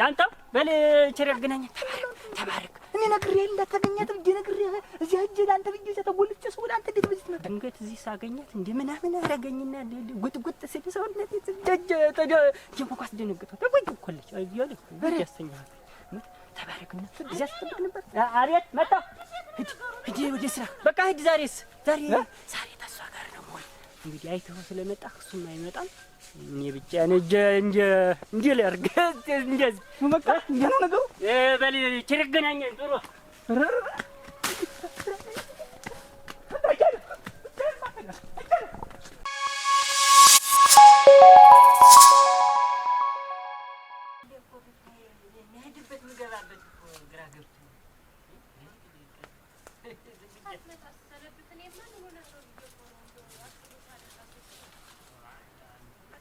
ያንተ በል ቸር ያገናኘን። ተባረክ ተባረክ። እኔ ነግሬህ እንዳታገኛትም እንደ ነግሬህ እዚህ ሂጅ ለአንተ ብዬሽ እዛ ተጎልቼ ስውል አንተ እንዴት በዚህ ትመጣ? ድንገት እዚህ ሳገኛት እንደ ምናምን አደረገኝና ጉጥጉጥ ስል ሰውነት ደጅ ጀንኳኳ አስደነግጧት ተጎጅ ኮለች እያለ ጉድ ያሰኛል። ተባረክና እዚያ ስጠብቅ ነበር። አቤት መጣ። ሂድ ሂድ ወደ ስራ በቃ ሂድ። ዛሬስ ዛሬ ዛሬ ተሷ ጋር ነው ወይ እንግዲህ አይተኸው ስለመጣ እሱም አይመጣም не бить, не где, где, где лер, где, где, ну на как, где ну на гол? Э, дали, через гонянье, дуро. Thank you.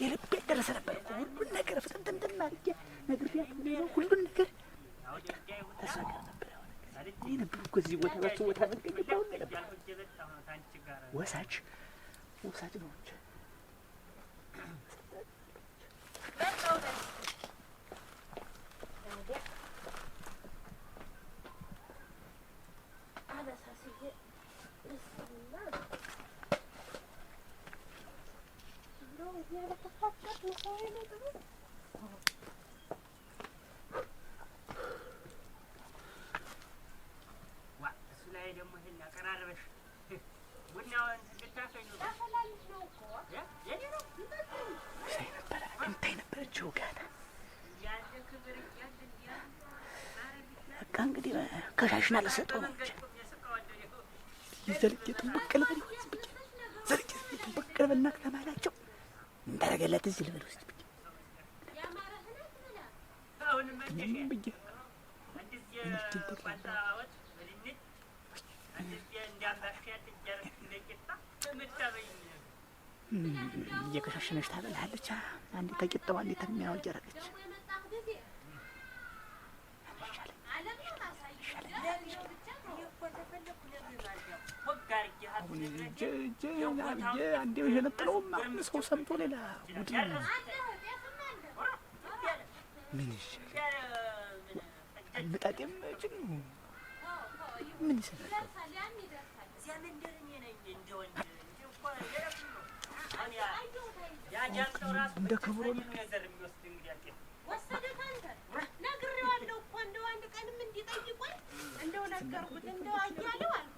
የልቤን ደረሰ ነበር እኮ ሁሉን ነገር ፍጥምጥምጥም አድርጌ ነግሬያት ሁሉን ነገር ተስፋ ነበር። እኔ ነበር እኮ እዚህ ቦታ በእሱ ቦታ ወሳች ወሳች ነው። ሽን አልሰጠው ነው እንጂ ዘርጌ ጥንብቅ ልበል ይሆን ዝም ብዬ ዘርጌ ጥንብቅ ልበልና ከተማላቸው እንዳረገላት እዚህ ልበል ውስጥ ብዬ ምንም ብዬ ምልትን ተቅላላ እየከሻሸነች ታበላለች። አንዴ ተቂጠዋ እንዴ ተሚያወጀረቀች አሁን እጄ እጄ እጄ አንዴው የነጥለውም አሁን ሰው ሰምቶ ሌላ ጉድ ምን ይሻላል? ምጣጤም ጭን ምን ይሰራል? እንደ ከብሮ ነግሬዋለሁ እኮ እንደው አንድ ቀንም እንዲጠይቆኝ እንደው ነገርኩት እንደው አያሌው አልኩት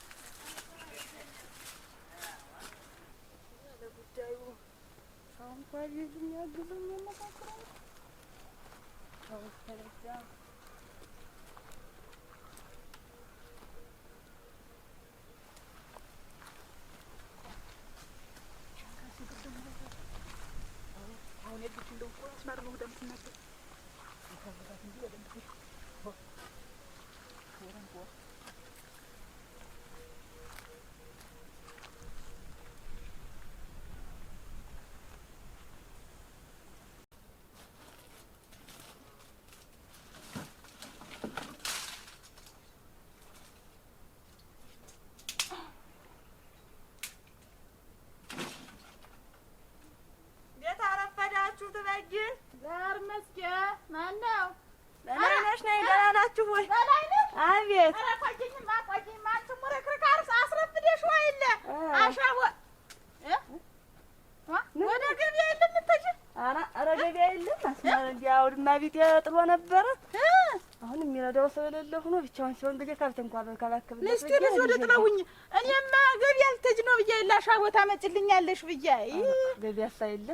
Çabuk ver yüzüm ya. Gözüm yanına bakıyorum. Çabuk ver yüzüm. ግርማ ቢጤ ጥሎ ነበረ። አሁን የሚረዳው ሰው የሌለ ሆኖ ብቻውን ሲሆን ብዬ ከብት እንኳን በካባከብ ሚስቴ ልጅ ወደ ጥለውኝ እኔማ ገቢያ ልትጅ ነው ብዬ ላሻ ቦታ መጭልኛለሽ ብዬ ገቢያ ሳይለ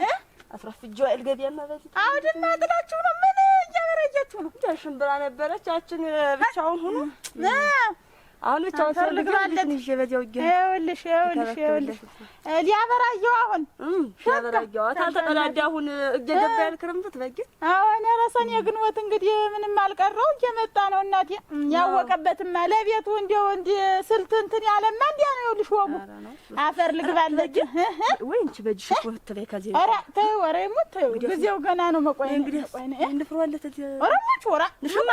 አስራፍጆ አይል ገቢያ ማለት አውድማ ጥላችሁ ነው ምን እያበረጃችሁ ነው? ሽምብራ ነበረች ያችን ብቻውን ሆኖ አሁን ብቻ ሊያበራየው አሁን ሊያበራየው ተላዳ አሁን እየገባ ያልክርምት በግ አሁን ረሰን የግንቦት እንግዲህ ምንም አልቀረው እየመጣ ነው። እናቴ ያወቀበትማ ለቤቱ እንዲያው እንዲህ ስልት እንትን ያለማ እንዲያ ነው። ይኸውልሽ ወጉ አፈር ልግባለች ወይ እንቺ በእጅሽ ወጥ ትበይ ከዚህ ኧረ ተይው፣ ኧረ የሞት ተይው፣ ጊዜው ገና ነው። መቆይ እንግዲህ እንድፍሯለት ኧረ ሞች ወራ ንሽማ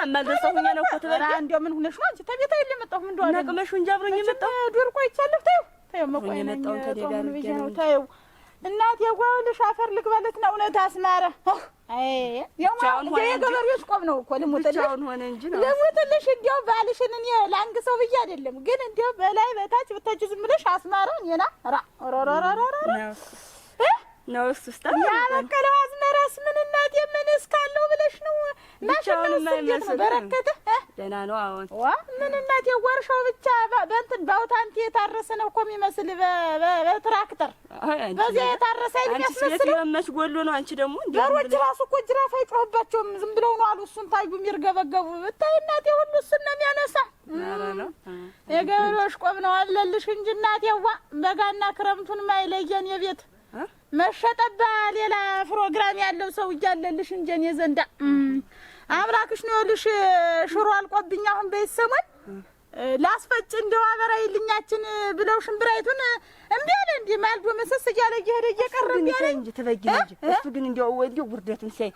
ሁኛ ነው እኮ ትበይ እንዲያው ምን ሁነሽ ነው አንቺ ተቤታ የለ መጣሁ እንደው አደቅመሽ እንጂ አብሮኝ የመጣው ዱር ቆይቻለሁ። ተይው ተይው፣ መቆየነኝ ጾሙን ብዬሽ ነው። ተይው እናቴ ጓውልሽ አፈር ልግበለት ነው። እውነት አስማረ የገበሬዎች ቆብ ነው እኮ ልሙትልሽ። እንዲያው ባልሽን እኔ ላንግ ሰው ብዬ አይደለም ግን እንዲያው በላይ በታች ብታች ዝም ብለሽ አስማረ እኔና ራ ሮሮሮሮሮ ነው እሱ ስታ ያበቀለው አዝመራስ ምን እናት የምንስ ካለው ብለሽ ነው ማሽን ነው በረከተ ደህና ነው። አሁን ዋ ምን እናት የወርሻው ብቻ በእንትን በአውታንቲ የታረሰ ነው እኮ የሚመስል በትራክተር በዚያ የታረሰ የሚያስመስል መች ጎሎ ነው። አንቺ ደግሞ በሮች ራሱ እኮ ጅራፍ አይጮህባቸውም ዝም ብለው ነው አሉ። እሱን ታዩ የሚርገበገቡ ብታይ እናቴ ሁሉ እሱን ነው የሚያነሳ የገበሬዎች ቆብ ነው አለልሽ እንጂ እናቴዋ በጋና ክረምቱን ማይለየን የቤት መሸጠባ ሌላ ፕሮግራም ያለው ሰው እያለልሽ እንጂ እኔ ዘንዳ አምላክሽ ነው ይኸውልሽ፣ ሽሮ አልቆብኝ አሁን በይሰሙን ላስፈጭ እንደው አበራ ይልኛችን ብለው ሽምብራይቱን እምቢ አለ። እንዲ ማልዶ መሰስ እያለ እየሄደ እየቀረ እምቢ አለ እንጂ ትበጊ እንጂ እሱ ግን እንዲያው እንዲያው ውርደቱን ሲያይ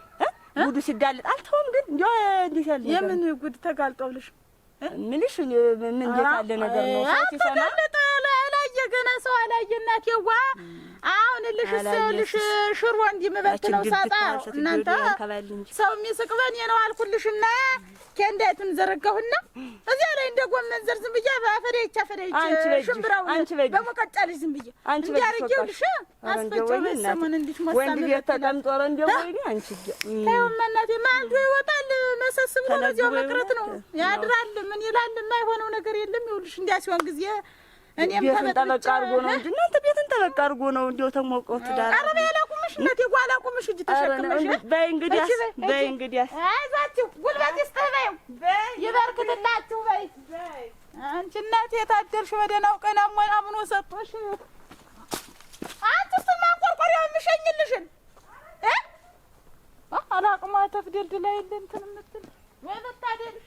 ጉዱ ሲጋለጥ አልተውም። ግን እንዲያው እንዴት ያለ የምን ጉድ ተጋልጦልሽ ምንሽ ምን እንዴት ያለ ነገር ነው ሰው ሲሰማ ገና ሰው አላየ እናቴዋ አሁን ልሽስ ልሽ ሽሮ ነው ሳጣ እናንተ ሰው የሚስቅበን ነው አልኩልሽና ከእንዴትም ዘረጋሁና እዚያ ላይ እንደ ጎመን ዘር ዝም ብዬ በፈሬቻ ፈሬች ሽምብራውን በሙቀጫ ልጅ ዝም ብዬ አንቺ ልሽ አስፈጨው ሰሙን እንዲት ሞሳ ወንድ ቤት ተቀምጦረ እንደው ወይኔ አንቺ ታዩም እናቴ ማልዶ ይወጣል መሰስ ብሎ በዚያው መቅረት ነው ያድራል ምን ይላል የማይሆነው ነገር የለም ይኸውልሽ እንዲያ ሲሆን ጊዜ እኔም ተበጣ አርጎ ነው እንጂ እናንተ ቤትን ተበቃ አርጎ ነው እንደው ተሞቀው ትዳር አረበ ያላቁምሽ እናቴ ጓላቁምሽ እጅ ተሸክመሽ በይ እንግዲያስ በይ እንግዲያስ አይዛችሁ ጉልበት ይስጥህ በይ ይበርክትላችሁ በይ አንቺ እናት የታደርሽ በደህናው ቀን አሞን አምኖ ሰጥቶሽ አንቺ ስማ አንቆርቆሪያው የምሸኝልሽን እ አላቅማ ተፍደልድላ የለ እንትን የምትል ወይ መታደልሽ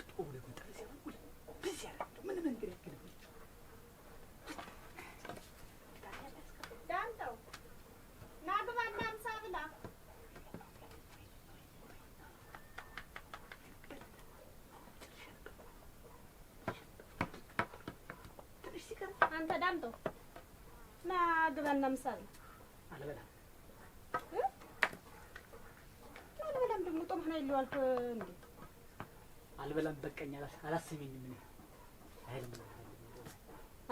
አንተ ዳምጦ ና ግባና ምሳ ነው። አልበላም አልበላም። ደግሞ ጦምህና ይለዋልኩ እንዴ አልበላም። በቀኝ አላሰኘኝም፣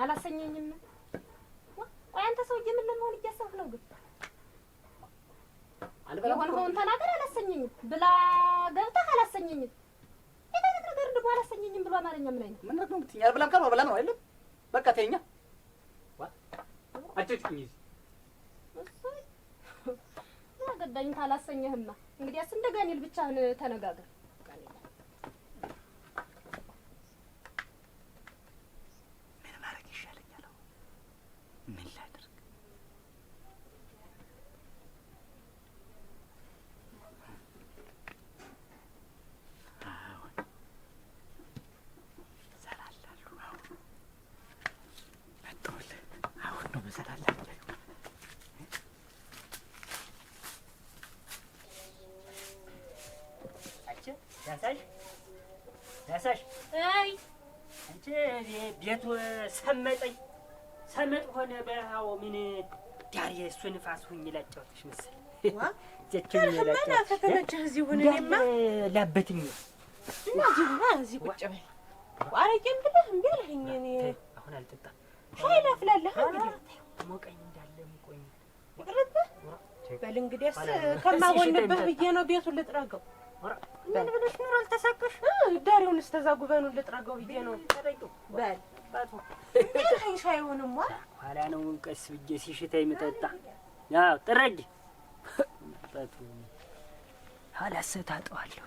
አላሰኘኝም። ቆይ አንተ ሰውዬ ምን ለመሆን እያሰብክ ነው? ግን ሆን ተናገር። አላሰኘኝም ብላ ገብተህ አላሰኘኝም የታነት ነገር ደግሞ አላሰኘኝም ብሎ አማርኛ ምን አይነት ምን ነው? አልበላም ካልሆነ አልበላም ነው አይደለም። በቃ ተኛ አጨጭ ሚዝ እሱ አገባኝ ካላሰኘህማ፣ እንግዲያስ እንደ ጋኔል ብቻህን ተነጋገር። እሰሽ አይ አንቺ ቤቱ ሰመጠኝ ሰመጥ ሆነ። በሃው ምን ዳር የእሱ ንፋስ ሁኝ ላጫውትሽ መሰል ከተመቸህ እዚህ ሁን። እኔማ ላበትኝ እና እዚሁና እዚህ ቁጭ በይ። አረቄም ብለህ እምቢ አልኸኝ። እኔ አሁን አልጠጣም። ሻይ ላፍላለህ ሞቀኝ እንዳለ ሙቆኝ ይቅርብህ በል እንግዲያስ ከማጎንብህ ብዬ ነው ቤቱን ልጥረገው ምን ብለሽ ኑሮ አልተሳካሽ? ዳሪውን እስከ እዛ ጉበኑን ልጥረገው ብዬ ነው። በል እንዴት ሻይ አይሆንማ። ኋላ ነው ቀስ ብዬ ሲሽተኝ የምጠጣ። ያው ጥረጊ ጣቱ ኋላ አሰታጠዋለሁ።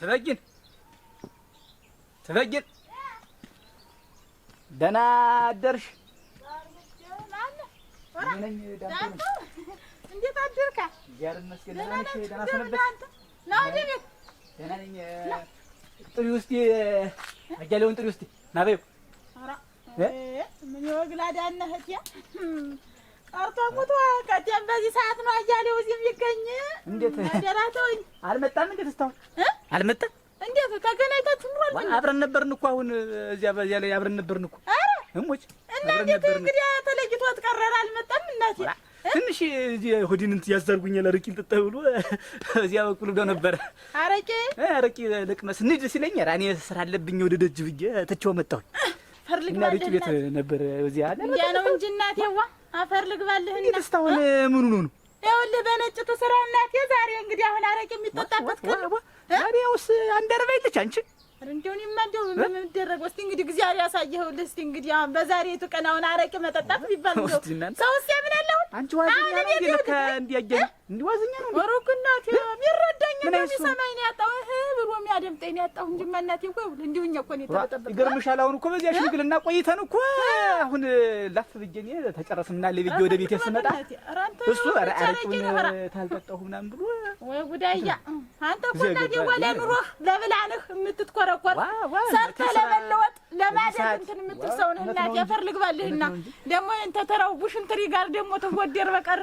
ትበጊን ትበጊን፣ ደህና አደርሽ እንዴት አደርካ? እግዚአብሔር ይመስገን። ደህና አያሌውን ጥሪው እስኪ ና ምን ይወግላ ዳነ እህቴ ቀርቶ ሙቶ ቀደም በዚህ ሰዓት ነው አያሌው እዚህ የሚገኝ። እንዴት ደህና ተወኝ። አልመጣም? እንዴት እስካሁን አልመጣም? እንዴት ተገናኝታችሁ? አብረን ነበርን እኮ አሁን እዚያ በዚያ ላይ አብረን ነበርን እኮ ኧረ እሞች እናንዴት እንግዲህ ተለይቶት ቀረራ አልመጣም። እናቴ ትንሽ ሆዲን እንትን ያዛርጉኝ ለርቂ ልጥጣ ብሎ እዚያ በኩል ብሎ ነበረ። አረቄ አረቄ ልቅመስ ንድ ሲለኝ ኧረ እኔ ስራ አለብኝ ወደ ደጅ ብዬ ትቼው መጣሁ። ፈርልግ ባልህ ቤት ነበር እዚያ አለ ነው እንጂ እናቴዋ አፈርልግ ባልህ እና ደስታውን ምኑ ነው ነው ይኸውልህ በነጭቱ ስራ እናቴ ዛሬ እንግዲህ አሁን አረቄ የሚጠጣበት ቀን ዛሬ ውስጥ አንድ አርባ እንደው እኔማ እንደው ምን የሚደረገው እስኪ እንግዲህ እግዚአብሔር ያሳየኸውልህ። እስኪ እንግዲህ አሁን በዛሬቱ ቀን አሁን አረቄ መጠጣት ነው ሰው ሲያምን አለሁን አንቺ ዋኛ እንዲያገኝ እንዲህ ዋዝኛ ነው ኧረ እናቴ የሚረዳኝ ነው የሚሰማኝ ነው ያጣሁ ብሎ የሚያደምጠኝ ነው ያጣሁ እንጂ እናቴ እኮ እንዲሁ እኛ እኮ ነው የተበጠበጥኩት። ይገርምሻል። አሁን እኮ በዚያ ሽምግልና ቆይተን እኮ አሁን ላፍ ብዬሽ እኔ ተጨረስንና ለብዬሽ ወደ ቤት ስመጣ እሱ ኧረ አረቂውን ታልጠጣሁ ምናምን ብሎ ወይ ጉዳያ አንተ እኮ እናቴ ወለ ኑሮህ ለብላንህ የምትትኮረኮር ሰርተህ ለመለወጥ ለማደግ እንትን የምትል ሰው ነህ እናቴ። አፈር ልግባልህና ደግሞ እንተ ተራው ቡሽንትሪ ጋር ደግሞ ተወደር በቀር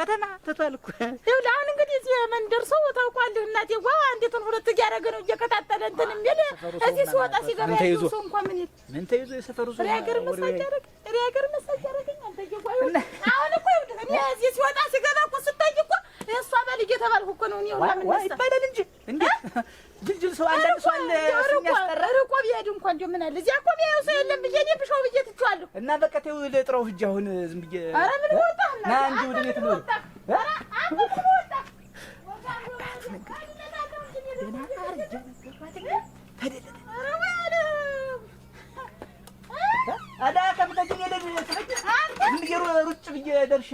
ከተማ ተተልኩ። እኮ ይኸውልህ። አሁን እንግዲህ እዚህ መንደር ሰው ታውቋለህ፣ እናቴ ዋ እንዴትን ሁለት እያደረገ ነው እየቀጣጠለ እንትን የሚል እዚህ ሲወጣ ሲገባ ያለ ሰው እንኳ ምን ይል ምን ተይዞ የሰፈሩ ሰው ሪያገር መሳጅ አደረግ ሪያገር መሳጅ አደረገኝ። አንተ አሁን እኮ ይኸውልህ እኔ እዚህ ሲወጣ ሲገባ እኮ ስታይ እኮ እሷ ባል እየተባልኩ እኮ ነው እኔ ሁላ ምን ይባላል እንጂ እንዴ ድልድል ሰው አንዳንድ ሰው አለ የሚያስጠራ ርቆ ቢሄድ እንኳን እንደው ምን አለ እዚያ እኮ ቢያየው ሰው የለም ብዬ እኔ ብሾው ብዬ ትቼዋለሁ። እና በቃ ተይው ልጥረው ሂጅ አሁን ዝም ብዬ ኧረ ምን ወጣህ ና እንጂ ወደ ቤት ነው ሩጭ ብዬ ደርሼ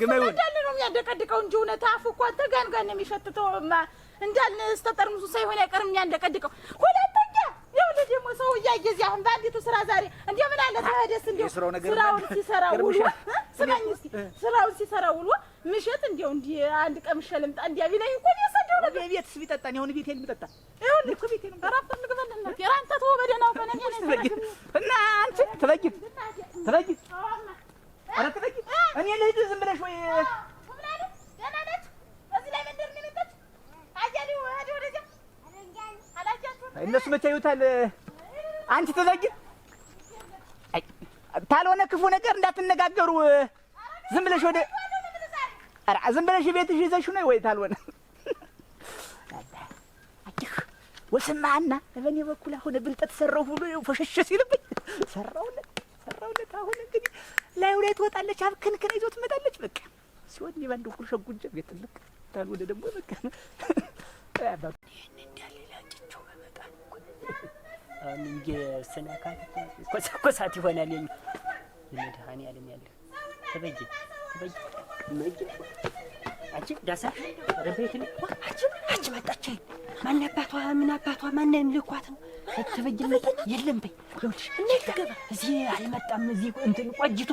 ግመው እንዳለ ነው የሚያደቀድቀው እንጂ እውነት አፉ እኮ ተጋንጋን የሚሸትተው እንዳለ እስከ ጠርሙሱ ሳይሆን አይቀርም የሚያደቀድቀው። ሁለተኛ ይኸውልህ ደግሞ ሰው እያየ እዚህ አሁን በአንዲቱ ስራ ዛሬ እንደው ምን አለ ታደስ እንደው ስራውን ሲሰራ ውሎ ስማኝ እስኪ ስራውን ሲሰራ ውሎ ምሽት እንደው እንዲህ አንድ ቀምሼ ልምጣ እንዲያ ቢለኝ እኮ ነው የሰደው ነው ቤትስ ቢጠጣ ነው አሁን ቤቴን ቢጠጣ ይሁን እኮ ቤቴን አራፍ ልግበልና የራንተ ተወ በደህናው ከነኛ እና አንቺ ትበጊት ትበጊት አረ ትበጊት እኔ ልሂድ ዝም ብለሽ ወይ እነሱ መቼ ይዩታል። አንቺ ተዘጊ። ካልሆነ ክፉ ነገር እንዳትነጋገሩ። ዝም ብለሽ ወደ ኧረ ዝም ብለሽ ቤትሽ ይዘሽ ነው ወይ ካልሆነ ወስማና በእኔ በኩል አሁን ብልጠት ሰራሁ ሁሉ ፈሸሸ ሲልብኝ ሰራው ላይ ትወጣለች፣ ክንክን ይዞ ትመጣለች። በቃ ሲሆን እኔ ባንድ ሸጉንጀ ቤት ልክ ታል ወደ ደግሞ በቃ ይህን እንዳለ ላጭቸው በመጣ አሁን እንጂ ስነካት ይሆናል የሚ ያለ ተበጅ ተበጅ መጅ አንቺ ዳሳ ረቤትን አንቺ አንቺ መጣች። ማን አባቷ ምን አባቷ ማን ልኳት ነው? ተበጅለት የለም በይ ይኸውልሽ፣ እዚህ አልመጣም። እዚህ እንትን ቆጅቶ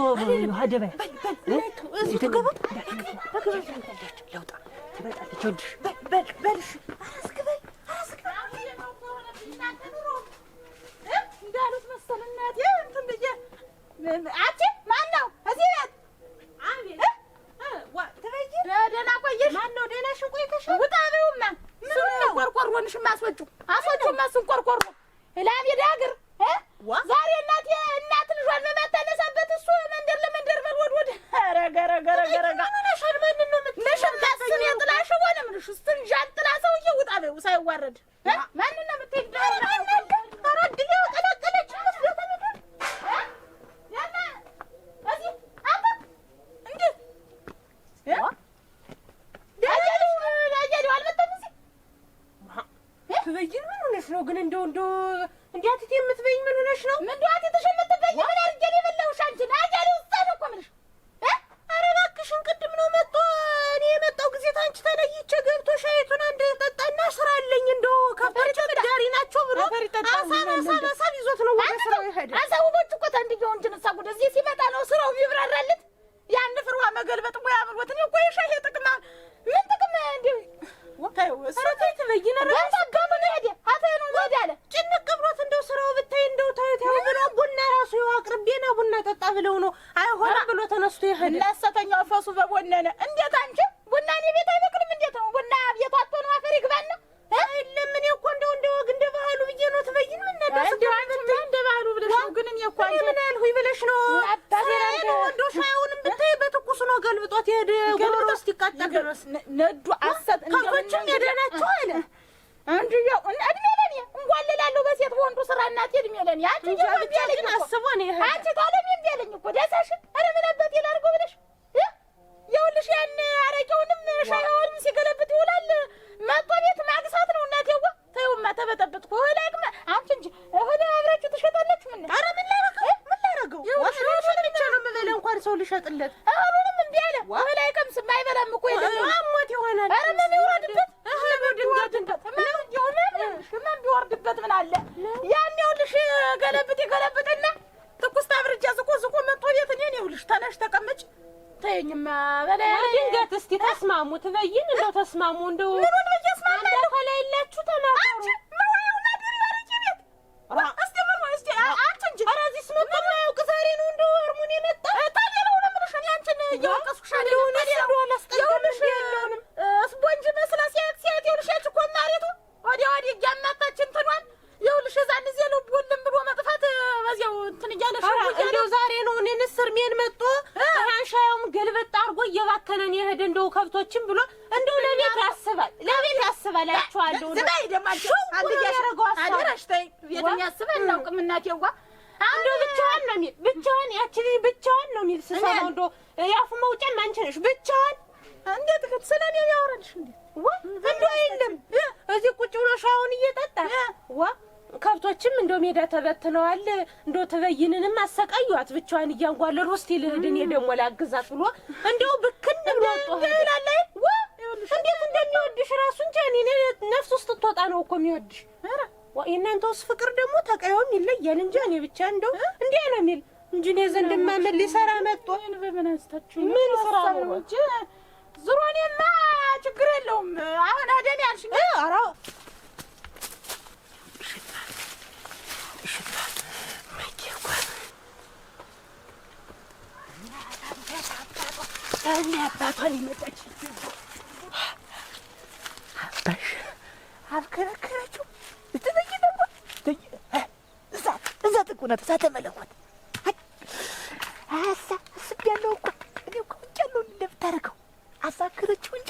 ሀደበ ለውጣ ትመጣለች። ይኸውልሽ በል በል ሆነሽ ነው? ነገሮስ ነዶ ያን ይኸውልሽ ገለብጥ ገለብጥና ትኩስ ታብርጃ ዝቆ ዝቆ መጥቶ ቤት እኔን ይኸውልሽ ተነሽ ተቀመጭ ተይኝማ በላይ ድንገት እስቲ ተስማሙ ትበይን እንደው ተስማሙ እንደው አደራሽ ተይ። የትም ያስበል አውቅም እናቴዋ እንደው ብቻዋን ነው የሚል ብቻዋን ያቺ ልጅ ብቻዋን ነው የሚል ስሰማው እንደው የአፉ መውጫም አንቺ ነሽ ብቻዋን እንዴት ከት ስለኔ ያወራልሽ እንዴ? ወ እንደው አይደለም እዚህ ቁጭ ብሎ ሻውን እየጠጣ ወ ከብቶችም እንደው ሜዳ ተበትነዋል። እንደው ትበይንንም አሰቃዩዋት ብቻዋን እያንጓለሉ እስቲ ልሂድ እኔ ደግሞ ላግዛት ብሎ እንደው ብክን ብሎ ወጥቷል። እንዴት እንደሚወድሽ ራሱን ቻኒ ነፍስ ውስጥ ትወጣ ነው እኮ የሚወድሽ የእናንተውስ ፍቅር ደግሞ ተቀየውም ይለያል እንጂ እኔ ብቻ እንደው እንዲያ ነው የሚል እንጂ እኔ ዘንድማ ምን ሊሰራ መጥቶ ምን ስራ ነው እንጂ ዙሮ እኔማ ችግር የለውም። አሁን አደን ያልሽ ኧረ አባቷን ይመጣች እውነት እሳተ መለኮት አሳ አስቤያለሁ እኮ እኔ እኮ ውቄያለሁ እንደምታደርገው አሳክረችው እንጂ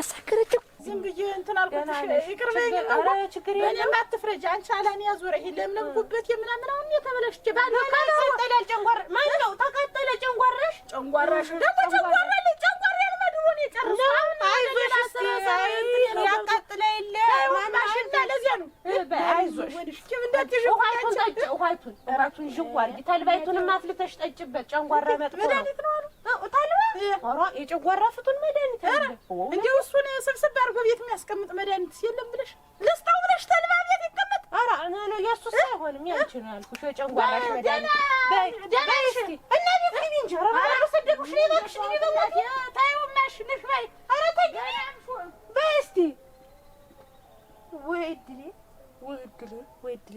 አሳክረችው። ዝም ብዬ እንትን አልኩት ይቅር በይኝ። እኔማ አትፍረጅ አንቺ አላን ያዞረ ይሄ ለምለም ጉበት የምናምን አሁን የተበለሽች ባለ ቀጠለ ጨንጓራ ማን ነው ተቀጠለ ጨንጓራሽ ጨንጓራሽ ደግሞ ጨንጓራ ጨንጓራ ያልመድሮን የጨርሱ ያቃጥለ የለ ማሽና ለዚያ ነው አይዞሽ እንዳትሽ ውሃይቱን እራቱን ዥዋ አድርጊ። ተልባይቱንም አፍልተሽ ጠጭበት። ጨንጓራ መጥፎ ነው መድኃኒት ነው አሉ ተልባ። ኧረ የጨንጓራ ፍቱን መድኃኒት እንዲያው እሱን ስብስብ አድርጎ ቤት የሚያስቀምጥ መድኃኒት የለም ብለሽ ልስጠው ብለሽ ተልባ ቤት ይቀመጥ። ኧረ እኔ የእሱስ አይሆንም ያንቺ ነው ያልኩሽ። የጨንጓራ መድኃኒት በይ እስኪ እና ቤት ግቢ እንጂ ኧረ በኋላ ሰደኩሽ እኔ እባክሽ ግቢ በእናትሽ ተይው እማሽ ነሽ በይ ኧረ ተይ ግቢ በይ እስኪ ወይ እድሌ ወይ እድሌ ወይ እድሌ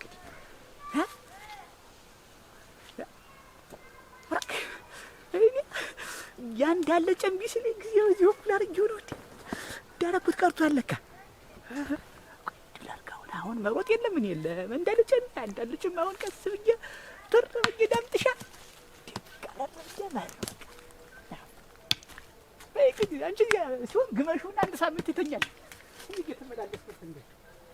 እንዳለ ጨምቢስ ስለ ጊዜ እዚሁ እዚህ በኩል አድርጌው ነው እንዳረኩት ቀርቷል ለካ። አሁን መሮጥ የለም ምን የለም እንዳለ ጨም እንዳለ ጨም። አሁን ቀስ ብዬ ቶር ብዬ ዳምጥሻ አንቺ ሲሆን ግመሹን አንድ ሳምንት ይተኛል እየተመላለስኩት እንደ